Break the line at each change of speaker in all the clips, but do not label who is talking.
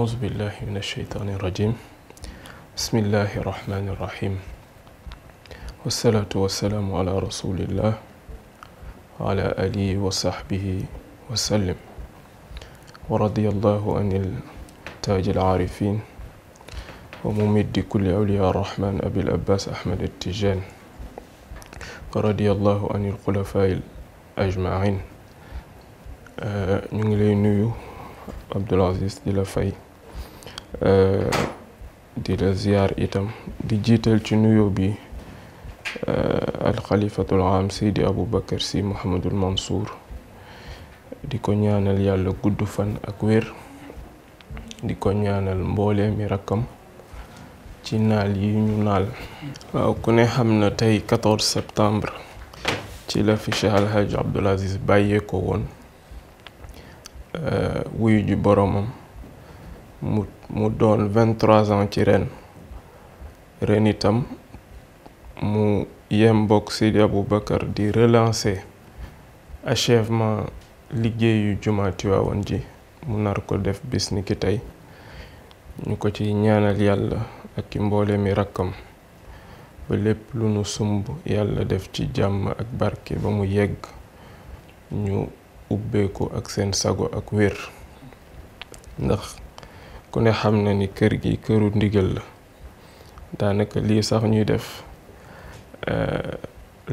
أعوذ بالله من الشيطان الرجيم بسم الله الرحمن الرحيم والصلاة والسلام على رسول الله وعلى آله وصحبه وسلم ورضي الله عن التاج العارفين وممد كل أولياء الرحمن أبي الأباس أحمد التجان ورضي الله عن الخلفاء أجمعين ñu ngi lay nuyu Abdoul Aziz di la fay Euh, di la ziyaar itam di jiital ci nuyo bi euh, alxalifatul am seydi abu bakar si muhammadul mansuur di ko ñaanal yàlla gudd fan ak wér di ko ñaanal mbooleemi rakkam ci naal yi ñu naal waaw ku ne xam na tey 14 septembre ci la fi Cheikh Alhaj Abdoul Aziz bàyyee ko woon euh, wuyu ji boromam mu mu doon vingt ans ci ren ren itam mu yem bokk Seydi Aboubacar di relancer achèvement liggéeyu jumaa Tiwaawan ji mu nar ko def bis ni tey ñu ko ci ñaanal yàlla ak i rakkam ba lépp lu nu sumb yàlla def ci jàmm ak barke ba mu yegg ñu ubbeeku ak seen sago ak wér ndax ku ne xam na ni kër gi këru ndigal la daanaka lii sax ñuy def euh,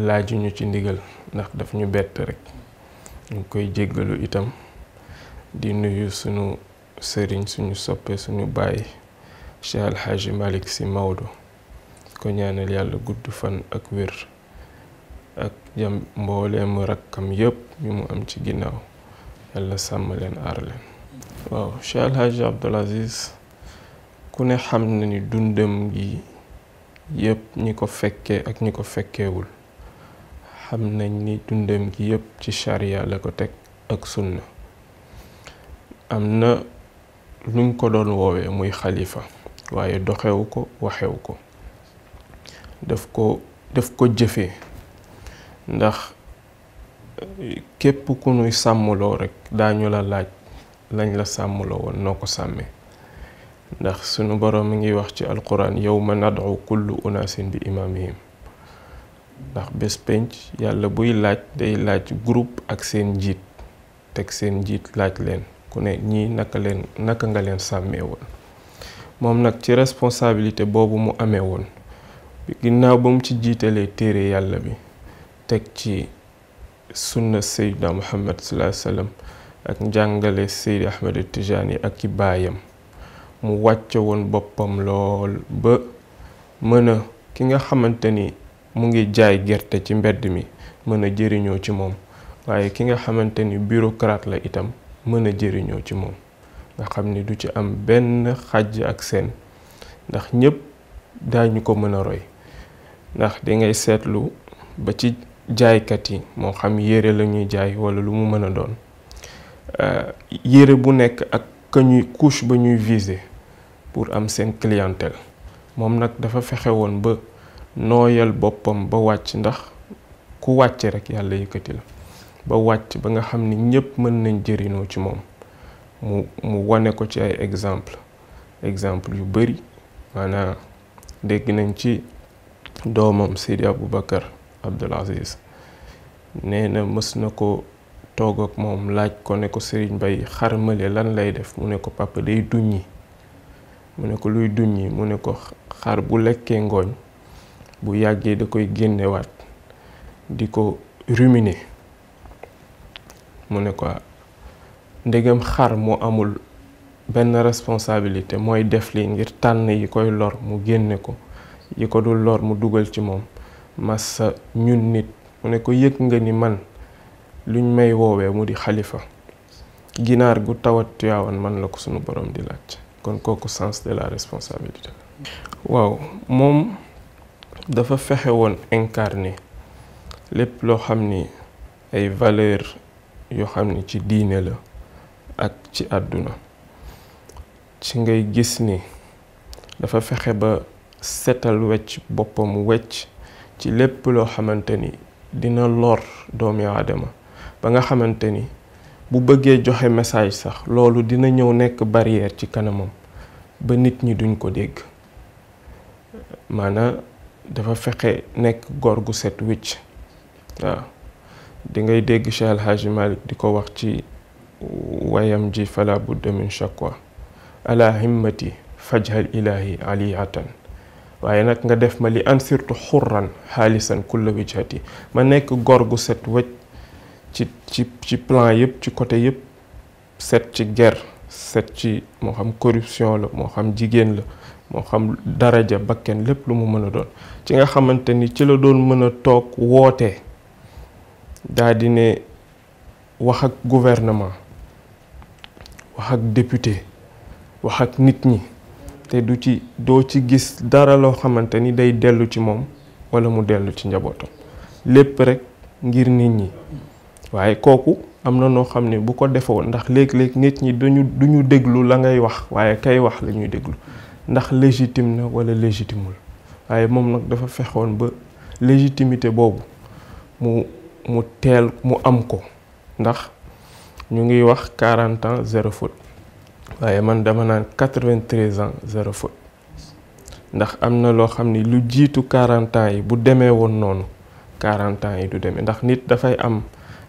laajuñu ci ndigal ndax daf ñu bett rek ñu koy jéggalu itam di nuyu sunu sëriñ suñu soppe suñu baay Cheikh El Hadji Malick Sy Maodo ko ñaanal yàlla gudd fan ak wér ak jam mbooleemu rakkam yépp ñu mu am ci ginnaaw yàlla sàmm leen aar leen waaw Cheikh El Aziz ku ne xam na ni dundam gi yëpp ñi ko fekkee ak ñi ko fekkewul xam nañ ni dundam gi yëpp ci charia la ko teg ak sunna am na luñ ko doon woowee muy xalifa waaye doxewu ko waxewu ko daf ko daf ko jëfee ndax eh, képp ku nuy sàmmuloo rekk daañu la laaj lañ la sàmmloo woon noo ko sàmmee ndax sunu boroom mi ngi wax ci yow ma nad'u kullu unaasin bi yi ndax bés penc yàlla buy laaj day laaj groupe ak seen njiit teg seen njiit laaj leen ku ne ñii naka leen naka nga leen sàmmee woon moom nag ci responsabilité boobu mu amee woon ginnaaw ba mu ci jiitalee téere yàlla bi teg ci sunna sayyidina muhammad sallallahu alayhi wasallam ak njàngale Seydi Ahmed Tijaani ak ci baayam mu wàcce woon boppam lool ba mën a ki nga xamante ni mu ngi jaay gerte ci mbedd mi mën a jëriñoo ci moom waaye ki nga xamante ni bureaucrate la itam mën a jëriñoo ci moom nga xam ni du ci am benn xàjj ak seen ndax ñépp daañu ko mën a roy ndax di ngay seetlu ba ci jaaykat yi moo xam yére lañuy jaay walla lu mu mën a doon Euh, yére bu nekk ak que ñuy couche ba ñuy viser pour am seen clientèle moom nag dafa fexe woon ba nooyal boppam ba wàcc ndax ku wàcce rek yàlla yëkkati la ba wàcc ba nga xam ni ñépp mën nañ jëriñoo ci moom mu mu wane ko ci ay exemple exemple yu bari maanaa dégg nañ ci doomam Seydi Aboubacar Abdoul Aziz nee mës na ko toog ak moom laaj ko ne ko sëriñ bay xar mële lan lay def mu ne ko papa day duññi mu ne ko luy duññi mu ne ko xar bu lekkee ngooñ bu yàggee da koy génnewaat di ko ruminer mu ne ko ah, ndegam xar moo amul benn responsabilité mooy def li ngir tànn yi koy lor mu génne ko yi ko dul lor mu dugal ci moom massa ñun nit mu ne ko yëg nga ni man lu luñ may woowee mu di xalifa ginaar gu tawat tuyaawan man la ko sunu borom di laaj kon kooku sens de la responsabilité waaw moom dafa fexe woon incarné lépp loo xam ni ay valeur yoo xam ni ci diine la ak ci àdduna si ngay gis ni dafa fexe ba setal wecc boppam wecc ci lépp loo xamante ni dina loor doomi aadama ba nga xamante ni bu bëggee joxe message sax loolu dina ñëw nekk barrière ci kanamam ba nit ñi duñ ko dégg maana dafa fexe nekk góor gu set wicc waaw di dégg Cheikh El Hadji di ko wax ci wayam ji fala budda min shakwa ala himmati fajhal waaye nag nga def ma li ansirtu xurran xaalisan kulla wijhati ma nekk góor gu set wicc ci ci ci plan yëpp ci côté yëpp set ci guerre set ci moo xam corruption la moo xam jigéen la moo xam daraja bakken lépp lu mu mën a doon ci nga xamante ni ci la doon mën a toog woote daa di ne wax ak gouvernement wax ak député wax ak nit ñi te du ci doo ci gis dara loo xamante ni day dellu ci moom walla mu dellu ci njabootam lépp rekk ngir nit ñi waaye kooku am na noo xam ne bu ko defoon ndax léegi léeg nit ñi duñu duñu déglu la ngay wax waaye kay wax lañuy déglu ndax légitime na wala légitimul waaye moom nag dafa fexoon ba légitimité boobu mu mu teel mu am ko ndax ñu ngi wax quarante ans zéro faute waaye man dama naan quatre-vingt-treize ans zéro faute ndax am na loo xam ni lu jiitu quarante yi bu demee woon noonu quarante yi du demee ndax nit dafay am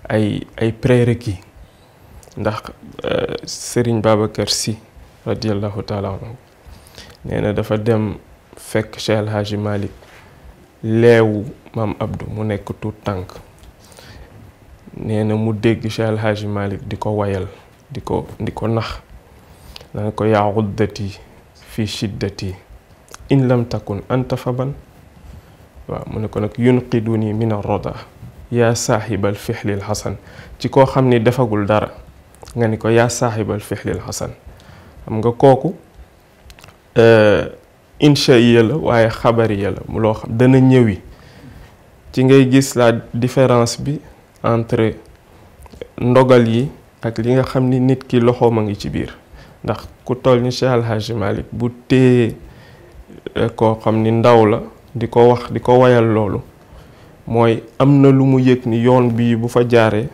ay ay prérequis ndax euh, sëriñ Babacar Sy radiallahu taala anhu nee na dafa dem fekk Cheikh El Hadji leewu maam Abdou mu nekk tuut tànk nee mu dégg Cheikh El Hadji di ko woyal di ko di nax dana ko yaa xuddati fi shiddati in lam takun anta faban waaw mu ne ko nag yunqiduni min ar-rada yaa saaxibal fixlil xasan ci koo xam ni defagul dara nga ni ko yaa saaxibal fixlil xasan xam nga kooku eh, inchaiya la waaye xabariya la mu loo xam dana ñëwi ci ngay gis la différence bi entre ndogal yi ak li nga xam ni nit ki loxoom a ngi ci biir ndax ku toll ni Cheikh Alhaji Malick bu téye eh, koo xam ni ndaw la di ko wax di ko woyal loolu mooy am na lu mu yëg ni yoon bii bu fa jaaree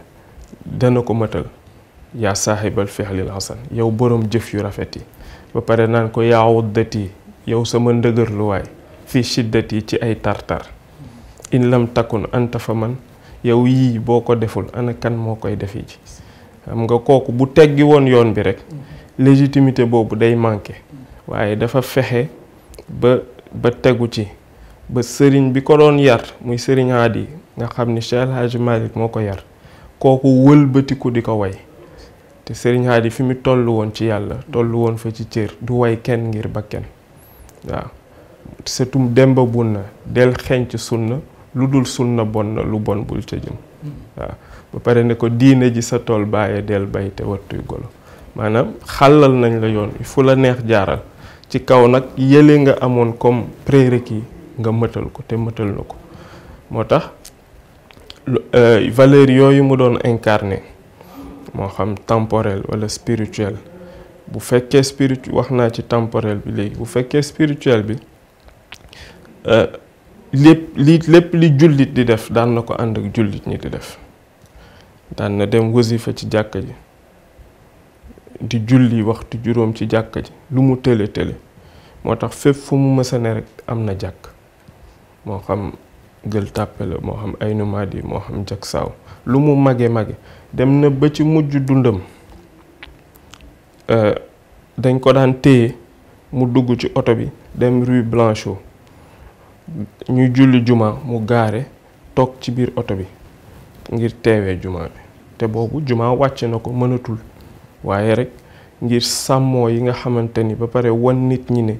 dana ko matal yaa saaxibal fexlil xasan yow borom jëf yu rafet yi ba pare naan ko yaa wuddati yow sama ndëgërluwaay fii shiddat yi ci ay tartar in lam takkun anta fa man yow yii boo ko deful ana kan moo koy defi ci xam nga kooku bu teggi woon yoon bi rek légitimité boobu day manqué waaye dafa fexe ba ba tegu ci ba sëriñ bi ko doon yar muy sëriñ Hadi nga xam ni Cheikh El moo ko yar kooku wëlbatiku di ko way te sëriñ Hadi fi mu toll woon ci yàlla tollu woon fa ci cër du way kenn ngir ba kenn waaw sëtum demba bun na del xenc sunna lu dul sunna bon na lu bon bul ca jëm waaw ba pare ne ko diine ji sa tool bàyyee del bay te wattuy golo maanaam xàllal nañ la yoon fu la neex jaaral ci kaw nag yële nga amoon comme prérequis nga mëtal ko te mëtal la ko moo tax euh, valeur yooyu mu doon incarné moo xam temporel wala spirituel bu fekkee spiritu wax naa ci temporel bi léegi bu fekkee spirituel bi euh, lépp li lépp li jullit di def daan na ko ànd ak jullit ñi di def daan na dem wasifa ci jàkka ji di julli waxtu juróom ci jàkka ji lu mu tële tële moo tax fépp fu mu mësa ne rek am na jàkk moo xam Gueule Tapée moo xam ay numadi moo xam saaw lu mu mage mage dem na ba ci mujj dundam euh, dañ ko daan téye mu dugg ci oto bi dem rue Blanchot ñuy julli juma mu gaare toog ci biir oto bi ngir teewee juma bi te boobu juma wàcc na ko mënatul waaye rek ngir sàmmoo yi nga xamante ni ba pare wan nit ñi ne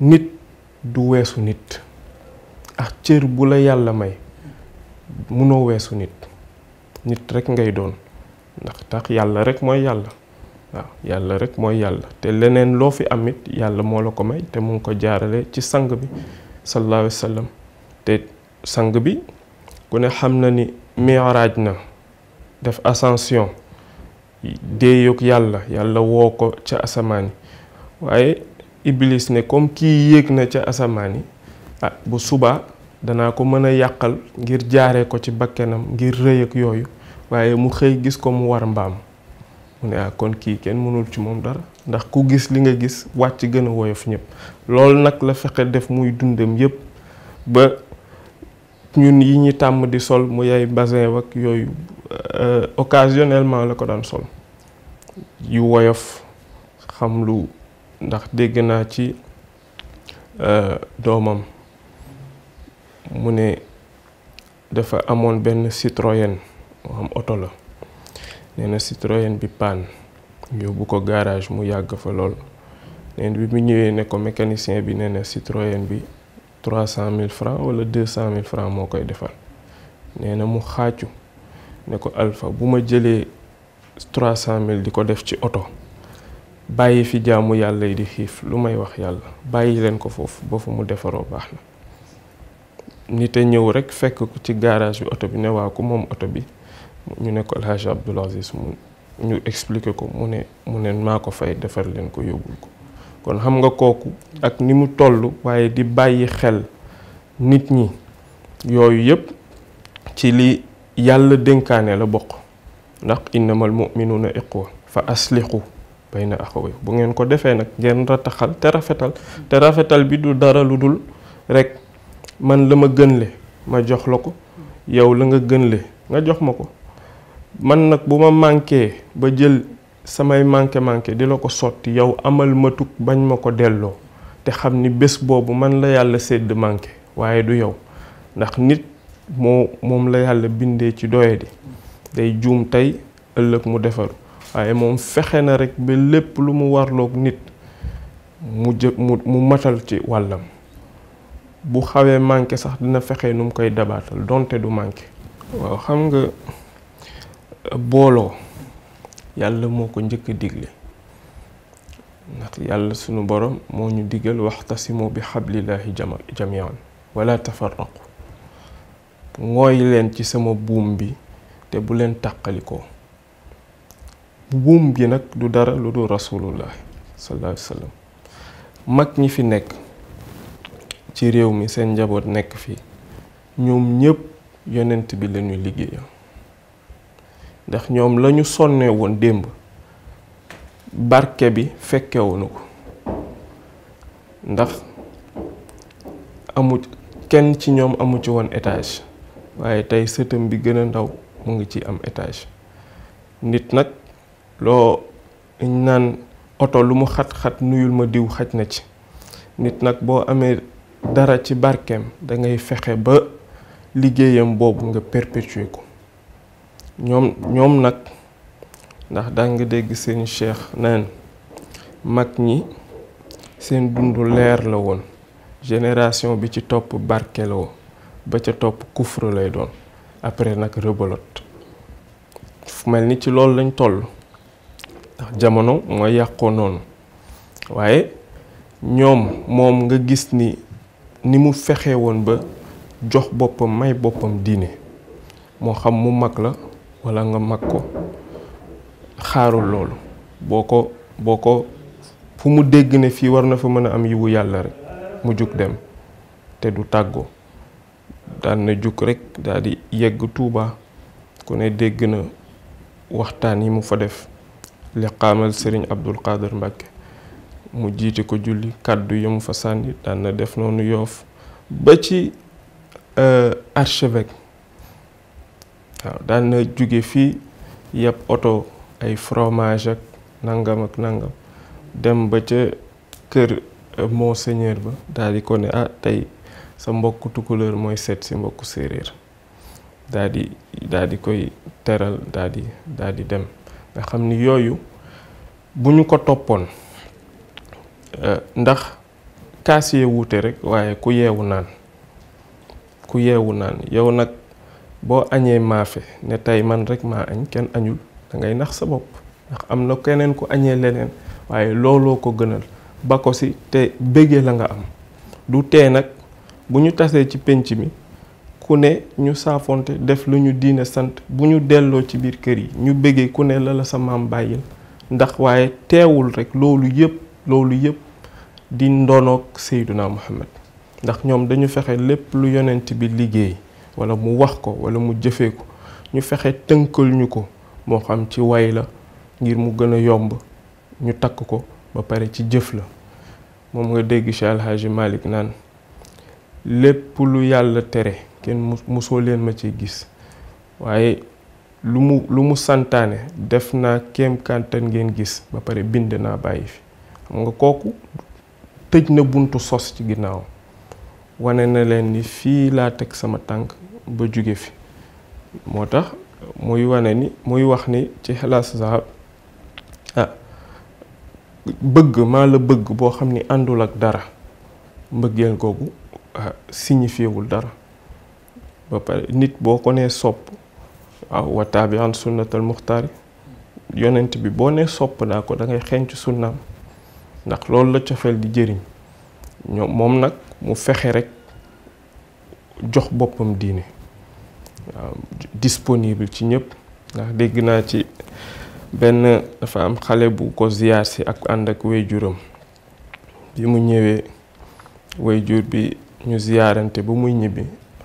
nit du weesu nit ndax cër bu la yàlla may munoo weesu nit nit rek ngay doon ndax tax yàlla rek mooy yàlla waaw yàlla rek mooy yàlla te leneen loo fi am it yàlla moo la ko may te mu ko jaarale ci sang bi sallallahu alayhi te sang bi ku ne xam na ni miiraaj na def ascension dee yóg yàlla yàlla woo ko ca asamaan waaye iblis ne comme kii yéeg na ca asamaan yi ah, bu subaa danaa ko mën a yàqal ngir jaare ko ci bakkenam ngir rëy ak yooyu waaye mu xëy gis ko mu war mbaam mu ne ah kon kii kenn mënul ci moom dara ndax ku gis li nga gis wàcc gën a woyof ñëpp loolu nag la fexe def muy dundam yépp ba ñun yi ñu tàmm di sol mu yay basin wak yooyu euh, occasionnellement la ko daan sol yu woyof xam lu ndax dégg naa ci euh, doomam mu ne dafa amoon benn Citroën moo xam oto la nee na Citroën bi panne yóbbu ko garage mu yàgg fa lool nee na bi mu ñëwee ne ko mécanicien bi nee na Citroën bi trois cent mille francs wala deux cent mille francs moo koy defar nee na mu xaacu ne ko Alpha bu ma jëlee trois cent mille di ko def ci oto bàyyi fi jàmm yàlla yi di xiif lu may wax yàlla bàyyi leen ko foofu ba fu mu defaroo baax na nit a ñëw rek fekk ci garage bi oto bi ne waa ku moom oto bi ñu ne ko El Hadj Aziz mu ñu expliqué ko mu ne mu ne maa ko fay defar leen ko yóbbul ko kon xam nga kooku ak ni mu toll waaye di bàyyi xel nit ñi yooyu yëpp ci li yàlla dénkaane la bokk ndax innamal mu'minuuna iqwa fa bay na axaway bu ngeen ko defee nag ngeen rataxal te rafetal te rafetal bi du dara lu dul rekk man la ma gënle ma jox la ko yow la nga gënle nga jox ma ko man nag bu ma manqué ba jël samay manqué manqué di la ko sotti yow amal ma tug bañ ma ko delloo te xam ni bés boobu man la yàlla sédd manqué waaye du yow ndax nit moo moom la yàlla bindee ci doyadi day juum tey ëllëg mu defaru waaye moom fexe na rekk ba lépp lu mu warlook nit mu jë mu matal ci wàllam bu xawee manqué sax dina fexe nu mu koy dabaatal donte du manqué. waaw xam nga booloo yàlla moo ko njëkk a digle ndax yàlla sunu borom moo ñu digal waxtasimu bi xab xablillahi jamian wala tafarraqu ngooy leen ci sama buum bi te bu leen tàqalikoo buum bi nag du dara lu dul rasulullah sallallahu alayhi mag ñi fi nekk. ci réew mi seen njaboot nekk fii ñoom ñépp yonent bi lañuy liggéeyal ndax ñoom lañu sonnee woon démb barke bi fekkewuñu ko ndax amu kenn ci ñoom amu ci woon étage waaye tey sëtam bi gëna ndaw mu ngi ci am étage nit nag loo naan oto lu mu xat-xat nuyul ma diw xaj na ci nit nag boo amee dara ci barkeem da ngay fexe ba liggéeyam boobu nga perpétuer ko ñoom ñoom nag ndax daa nga dégg seen cheikh naan mag ñi seen dundu leer la woon génération bi ci topp barkeloo ba ca topp kufre lay doon après nag rebelote fu mel ni ci loolu lañ toll ndax jamono mooy yàqoo noonu waaye ñoom moom nga gis ni ni mu fexe woon ba jox boppam may boppam diine moo xam mu mag la walla nga mag ko xaarul loolu boo ko boo ko fu mu dégg ne fii war na fa mën a am yiwu yàlla rek mu jug dem te du tàggoo daan na jug rekk daal di yegg Tuuba ku ne dégg na waxtaan yi mu fa def liqaamal Sëriñ Abdul Qadir Mbàkke mu jiite ko julli kàddu yamu fa sànni daan na def noonu yoof ba ci euh, archevêque waaw daan na jóge fii yëpp oto ay fromage ak nangam ak nangam dem ba ca kër euh, monseigneur ba daal di ko ne ah tey sa mbokkutu tukulóor mooy seet si mbokk séréer daal di daal di koy teral daal di daal di dem nga xam ni yooyu bu ñu ko toppoon Euh, ndax kaas yee wuute rek waaye ku yeewu naan ku yeewu naan yow nag boo añee maafe ne tey man rek maa añ kenn añul da ngay nax sa bopp ndax am na keneen ku añee leneen waaye looloo ko gënal ba ko si te bëggee la nga am du tee nag bu ñu tasee ci pénc mi ku ne ñu saafonte def lu ñu diine sant bu ñu delloo ci biir kër yi ñu bëggee ku ne la la sa maam bàyyil ndax waaye teewul rek loolu yëpp loolu yëpp di ndoonoog Seyduna Muhammad ndax ñoom dañu fexe lépp lu yonent bi liggéey wala mu wax ko wala mu jëfee ko ñu fexe tënkal ñu ko moo xam ci way la ngir mu gën a yomb ñu takk ko ba pare ci jëf la moom nga dégg ci Alxaaji Malik naan lépp lu yàlla tere kenn musoo leen ma ci gis waaye lu mu lu mu santaane def na kéem kàntan ngeen gis ba pare bind naa bàyyi fi xam nga kooku tëj na buntu sos ci ginnaaw wane na leen ni fii laa teg sama tànk ba jóge fi moo tax muy wane ni muy wax ni ci xalaas zahab ah bëgg maa la bëgg boo xam ni àndul ak dara mbëggeel googu ah, signifiewul dara ba nit boo ko nee sopp waaw wa taabi an sunnatal muxtaari yonent bi boo ne sopp naa ko dangay ngay xenc sunnaam ndax loolu la cofeel di jëriñ ñoom moom nag mu fexe rek jox boppam diine waaw disponible ci ñépp ndax dégg naa ci benn dafa am xale bu ko ziyaar si ak ànd ak juram bi mu ñëwee jur bi ñu ziyaarante ba muy ñibbi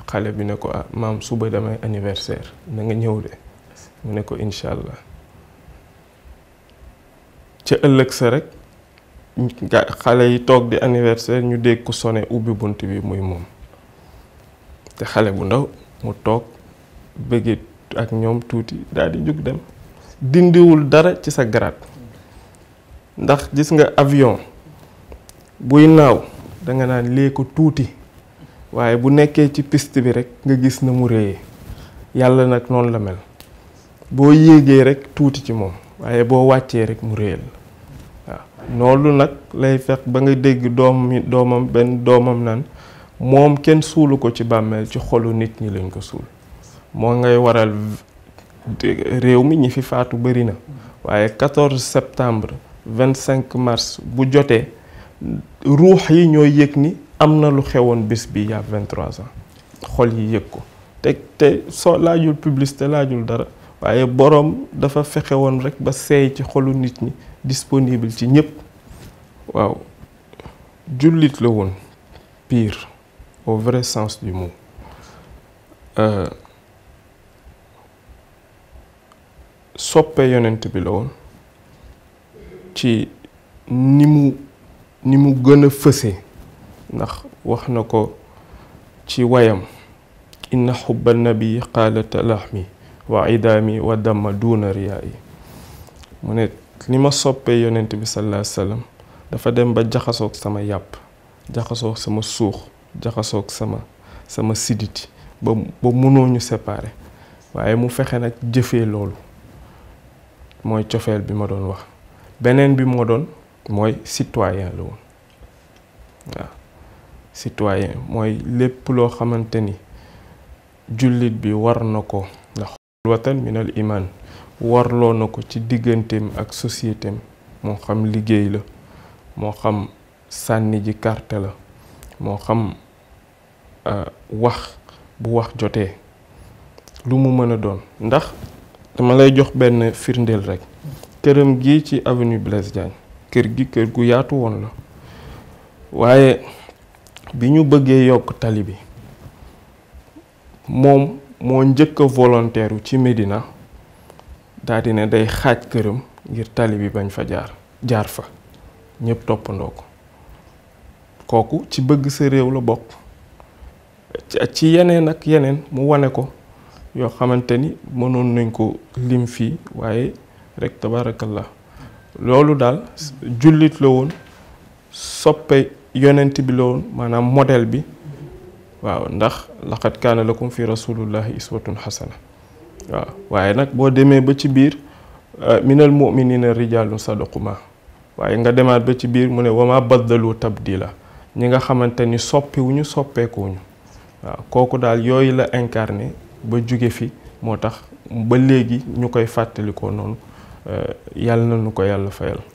xale bi ne ko ah maam suba damay anniversaire na nga ñëw de mu ne ko incha allah ca ëllëg sa rekk xale yi toog di anniversaire ñu dégg ku sone ubbi bunt bi muy moom te xale bu ndaw mu toog bëggee ak ñoom tuuti daal jóg dem dindiwul dara ci sa garaat ndax gis nga avion buy naaw danga naan lee ko tuuti waaye bu nekkee ci pist bi rekk nga gis na mu réyee yàlla nag noonu la mel boo yéegee rek tuuti ci moom waaye boo wàccee rek mu réyal loolu nag lay fex ba nga dégg doom doomam benn doomam nan moom kenn suulu ko ci bàmmeel ci xolu nit ñi lañ ko suul moo ngay waral réew mi ñi fi faatu bëri na waaye 14 septembre 25 mars bu jotee ruux yi ñooy yëg ni am na lu xewoon bés bi yaa 23 ans xol yi yëg ko te te soo laajul te laajul dara waaye boroom dafa fexe woon rek ba seey ci xolu nit ñi disponible ci ñépp waaw jullit la woon piir au vrai sens du mot euh, soppe yonent bi la woon ci ni mu ni mu gën a fëse ndax wax na ko ci wayam inna xubba nabi qaala talahmi wa idaami wa damma duuna riyaa yi mu ne li ma soppee yonent bi sallallahu alayhi dafa dem ba jaxasoog sama yàpp jaxasoo sama suux jaxasoog sama sama siditi ba ba mënoo ñu séparer waaye mu fexe nag jëfe loolu mooy cofeel bi ma doon wax beneen bi moo doon mooy citoyen la woon waaw citoyen mooy lépp loo xamante ni jullit bi war na ko watan minal iman warloo ko ci digganteem ak sociétéem moo xam liggéey la moo xam sànni ji carte la moo xam euh, wax bu wax jotee lu mu mën a doon ndax dama lay jox benn firndeel rek këram gi ci avenue Blaise Diagne kër gi kër gu yaatu woon la waaye bi ñu bëggee yokk tali bi moom moo njëkk a ci Médina daa di ne day xaaj këram ngir tali bi bañ fa jaar jaar fa ñëpp toppandoo ko kooku ci bëgg sa réew la bokk ci yeneen ak yeneen mu wane ko yoo xamante ni mënoon nañ ko lim fii waaye rek tabarakallah loolu daal jullit la woon soppe yonent bi la woon maanaam model bi waaw ndax laqad kaana lakum fi rasulillahi iswatun xasana waaw waaye nag boo demee ba ci biir euh, minal muminina rijalun sadaquma waaye nga demaat ba ci biir mu ne wama baddalu tabdila ñi nga xamante ni soppiwuñu soppeekuwuñu waaw kooku daal yooyu la incarné ba jóge fi moo tax ba léegi ñu koy fàttalikoo noonu euh, yàlla na nu ko yàlla fayal